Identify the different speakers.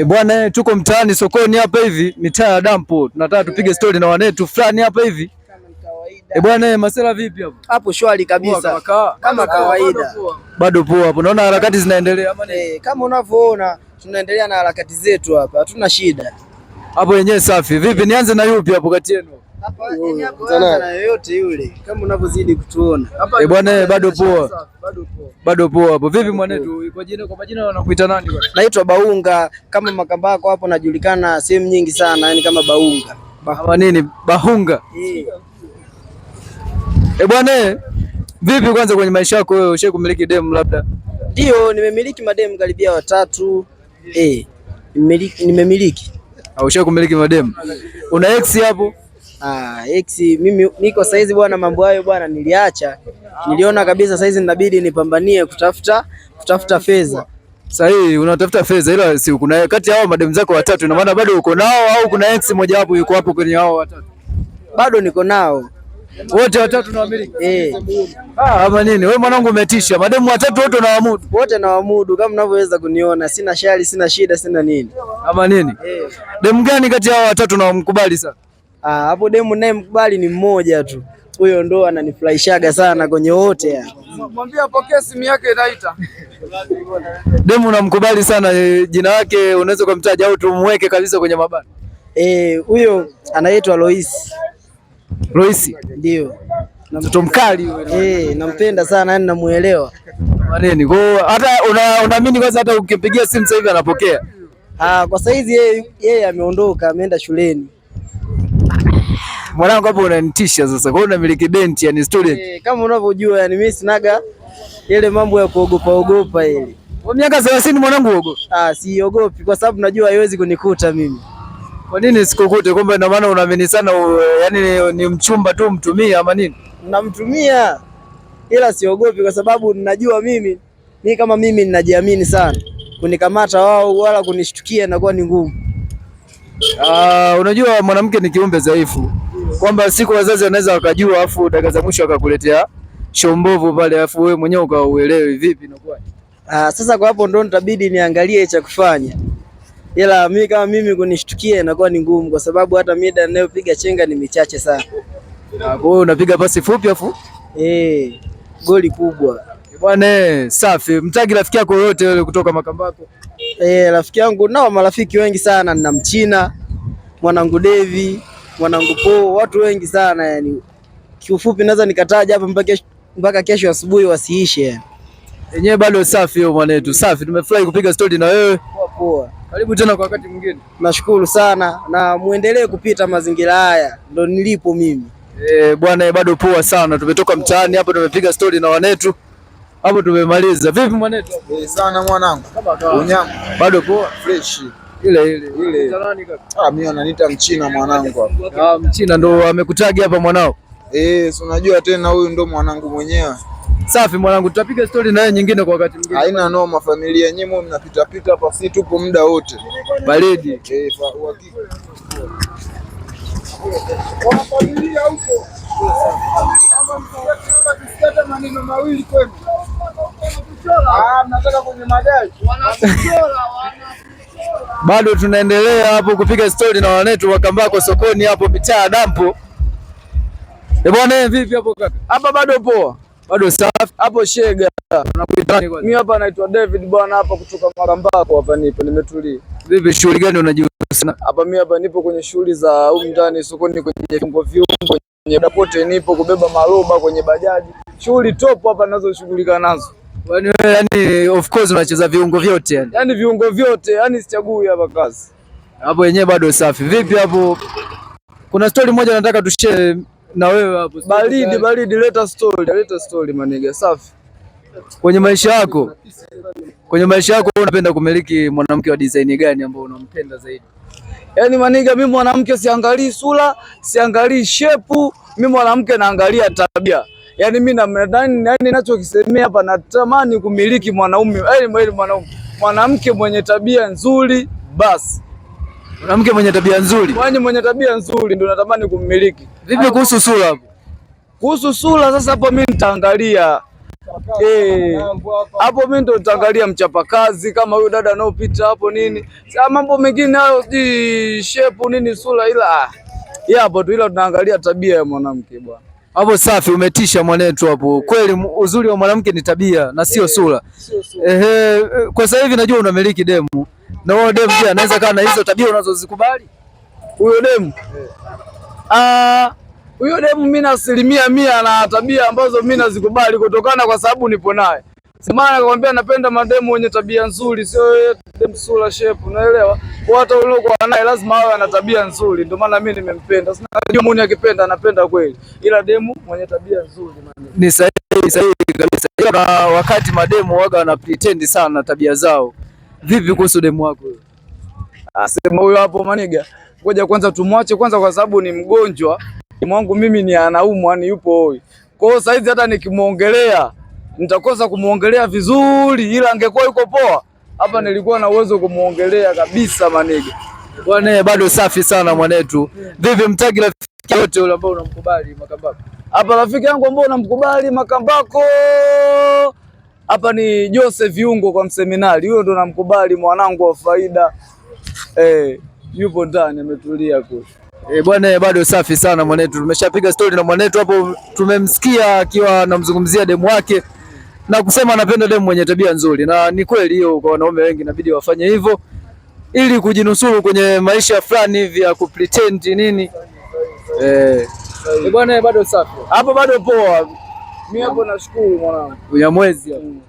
Speaker 1: E bwana, eh, tuko mtaani sokoni hapa hivi, mitaa ya dampo, tunataka tupige stori na wanetu fulani hapa hivi. E bwana, masela vipi hapo?
Speaker 2: Hapo shwari kabisa. Kama kawaida. Kama kawaida.
Speaker 1: Bado poa hapo. Naona harakati zinaendelea
Speaker 2: ama E, Kama unavyoona tunaendelea na harakati zetu hapa, hatuna shida.
Speaker 1: Hapo yenyewe safi. Vipi nianze na yupi hapo kati yenu?
Speaker 2: Hapa yoyote yule kama unavyozidi kutuona.
Speaker 1: Eh, bwana eh, bado poa. Bado poa hapo. Vipi mwanetu? Kwa jina kwa majina wanakuita nani bwana?
Speaker 2: Naitwa Baunga, kama Makambako hapo najulikana sehemu nyingi sana, yani kama Baunga.
Speaker 1: Ba nini? Baunga. Eh. Eh, bwana eh, vipi kwanza kwenye maisha yako wewe, ushe kumiliki demu labda?
Speaker 2: Ndio, nimemiliki mademu karibia watatu. Eh. Nimemiliki. Nimemiliki.
Speaker 1: Ah, Ushawahi kumiliki mademu? Una ex hapo?
Speaker 2: Ah, X mimi niko saizi bwana, mambo hayo bwana niliacha, niliona kabisa saizi inabidi nipambanie kutafuta kutafuta fedha.
Speaker 1: Sahihi, unatafuta fedha, ila si kuna kati ya hao madem zako watatu, ina maana bado uko nao au kuna X moja wapo yuko hapo kwenye hao watatu?
Speaker 2: Bado niko nao
Speaker 1: wote watatu na wamiliki eh. Ah, ama nini wewe mwanangu, umetisha Madem watatu wote na wamudu
Speaker 2: wote na wamudu, kama unavyoweza kuniona, sina shari, sina shida, sina nini ama nini eh.
Speaker 1: Dem gani kati ya hao watatu na wamkubali sana?
Speaker 2: Ah, hapo demu naye mkubali ni mmoja tu, huyo ndo ananifurahishaga sana kwenye wote.
Speaker 1: Mwambie apokee simu yake inaita. Demu namkubali sana, eh, jina lake unaweza kumtaja au tumweke kabisa kwenye mabano?
Speaker 2: Eh, huyo anaitwa Lois. Lois. ndio
Speaker 1: mtoto mkali
Speaker 2: eh, nampenda sana yani, namuelewa
Speaker 1: Maneni. Kwa hiyo hata unaamini kwanza, hata ukimpigia simu sasa hivi anapokea?
Speaker 2: Ah, kwa saizi yeye yeye ameondoka, ameenda shuleni
Speaker 1: mwanangu, hapo unanitisha sasa. Kwa hiyo unamiliki denti, yani student. Eh,
Speaker 2: kama unavyojua, yani mimi sinaga ile mambo ya kuogopa ogopa ile.
Speaker 1: Kwa miaka 30 mwanangu, uogo?
Speaker 2: Ah, siogopi kwa sababu najua haiwezi kunikuta mimi.
Speaker 1: Kwa nini sikukute? Kumbe ina maana unaamini sana, yani ni ni mchumba tu mtumia ama nini?
Speaker 2: Namtumia ila siogopi kwa sababu najua mimi ni kama mimi ninajiamini sana, kunikamata wao wala kunishtukia inakuwa ni ngumu.
Speaker 1: Uh, unajua mwanamke ni kiumbe dhaifu kwamba siku wazazi wanaweza wakajua, afu dakika za mwisho akakuletea shombovu pale, afu wewe mwenyewe ukauelewi vipi, inakuwa
Speaker 2: ah. Sasa kwa hapo ndo nitabidi niangalie cha kufanya, ila mimi kama mimi kunishtukia inakuwa ni ngumu, kwa sababu hata mida ninayopiga chenga ni michache sana.
Speaker 1: Ah, kwa hiyo unapiga pasi fupi afu
Speaker 2: eh, goli kubwa
Speaker 1: bwana. Safi, mtagi rafiki yako yote yule kutoka Makambako?
Speaker 2: Eh, rafiki yangu nao marafiki wengi sana, nina mchina mwanangu Devi mwanangu po, watu wengi sana yani. Kiufupi naweza nikataja hapa mpaka kesho, mpaka kesho asubuhi wasiishe.
Speaker 1: enyewe bado safi hiyo mwanetu, safi. Tumefurahi kupiga stori na wewe. Poa poa. Karibu tena kwa wakati mwingine.
Speaker 2: Nashukuru sana na muendelee kupita mazingira haya, ndo nilipo mimi.
Speaker 1: Eh, bwana bado poa sana. Tumetoka mtaani hapo tumepiga stori na wanetu. Hapo tumemaliza. Vipi mwanetu?
Speaker 2: Eh, sana mwanangu. Kama Bado poa, fresh
Speaker 1: ile ile ile.
Speaker 2: Ah, mimi ananiita mchina mwanangu. hapa.
Speaker 1: Ah, ah mchina ndo amekutaja hapa mwanao.
Speaker 2: Eh, si unajua tena huyu ndo mwanangu mwenyewe.
Speaker 1: Safi mwanangu, tutapiga stori naye nyingine kwa wakati mwingine.
Speaker 2: Haina noma, familia nyinyi mnapita pita hapa, si tupo muda wote. Baridi. Eh, uhakika.
Speaker 1: Ah, mnataka kwenye magari. Wanakuchora, wana bado tunaendelea hapo kupiga story na wanetu wa Kambako sokoni hapo mitaa ya dampo. E bwana, eh, vipi hapo kaka? Hapa bado poa, bado safi hapo shega.
Speaker 2: Mimi hapa naitwa David bwana, hapa kutoka Makambako hapa nipo nimetulia.
Speaker 1: Vipi, shughuli gani unajihusisha
Speaker 2: hapa? Mimi hapa nipo kwenye shughuli za huko ndani sokoni, kwenye viungo viungo, kwenye dapote nipo kubeba maroba kwenye bajaji, shughuli topo hapa nazo shughulika nazo
Speaker 1: Yaani wewe yani of course unacheza viungo vyote yani.
Speaker 2: Yaani viungo vyote, yani sichagui hapa kazi.
Speaker 1: Hapo yenyewe bado safi. Vipi hapo? Kuna story moja nataka tushare na wewe hapo.
Speaker 2: Baridi, baridi, leta story, leta story maniga, safi.
Speaker 1: Kwenye maisha yako, kwenye maisha yako unapenda kumiliki mwanamke wa design gani ambao unampenda zaidi?
Speaker 2: Yaani maniga, mimi mwanamke siangalii sura, siangalii shepu, mimi mwanamke naangalia tabia yani mimi nadhani yani ninachokisemea hapa, natamani kumiliki mwanaume yani mwanaume, mwanamke mwenye tabia nzuri, basi
Speaker 1: mwanamke mwenye tabia nzuri,
Speaker 2: kwani mwenye tabia nzuri ndio natamani kumiliki.
Speaker 1: Vipi kuhusu sura hapo?
Speaker 2: Kuhusu sura sasa, hapo mimi nitaangalia eh, hapo hey, mimi ndo nitaangalia mchapakazi kama huyo dada anaopita hapo nini. sa mambo mengine hayo sijui shepu nini sura, ila ah, hapo tu, ila tunaangalia tabia ya mwanamke bwana.
Speaker 1: Hapo safi, umetisha mwanetu hapo kweli. Uzuri wa mwanamke ni tabia na eh, sio sura. Ehe, kwa sasa hivi najua unamiliki demu na wao demu pia anaweza kaa na hizo tabia unazozikubali huyo demu. Eh.
Speaker 2: Ah, huyo demu mimi na asilimia mia na tabia ambazo mimi nazikubali kutokana, kwa sababu nipo naye. Simana akamwambia napenda mademu wenye tabia nzuri, sio yeye demu sura shape, unaelewa? Kwa hata uliokuwa naye lazima awe ana tabia nzuri, ndio maana mimi nimempenda. Sina najua mwenye akipenda anapenda kweli, ila demu mwenye tabia nzuri
Speaker 1: ni sahihi, sahihi kabisa. Na wakati mademu waga wana pretend sana tabia zao. Vipi kuhusu demu wako
Speaker 2: Asema ah, huyo hapo maniga, ngoja kwanza tumwache kwanza, kwa sababu ni mgonjwa mwangu mimi, ni anaumwa, ni yupo hoi. Kwa hiyo saizi hata nikimuongelea nitakosa kumuongelea vizuri, ila angekuwa yuko poa hapa, nilikuwa na uwezo kumuongelea kabisa Manege
Speaker 1: Bwana bado safi sana mwanetu. Vivi mtaki rafiki yote yule ambao unamkubali Makambako?
Speaker 2: Hapa rafiki yangu ambao unamkubali Makambako hapa ni Jose Viungo kwa mseminari, huyo ndo namkubali mwanangu wa faida eh, yupo ndani ametulia kule.
Speaker 1: E, bwana bado safi sana mwanetu. Tumeshapiga stori na mwanetu hapo, tumemsikia akiwa anamzungumzia demu wake na kusema napenda demu mwenye tabia nzuri, na ni kweli hiyo. Kwa wanaume wengi inabidi wafanye hivyo ili kujinusuru kwenye maisha fulani hivi ya kupretend nini. Eh, eh bwana bado safi hapo, bado poa.
Speaker 2: Mimi hapo nashukuru mwanangu.
Speaker 1: Unyamwezi hapo. Mm.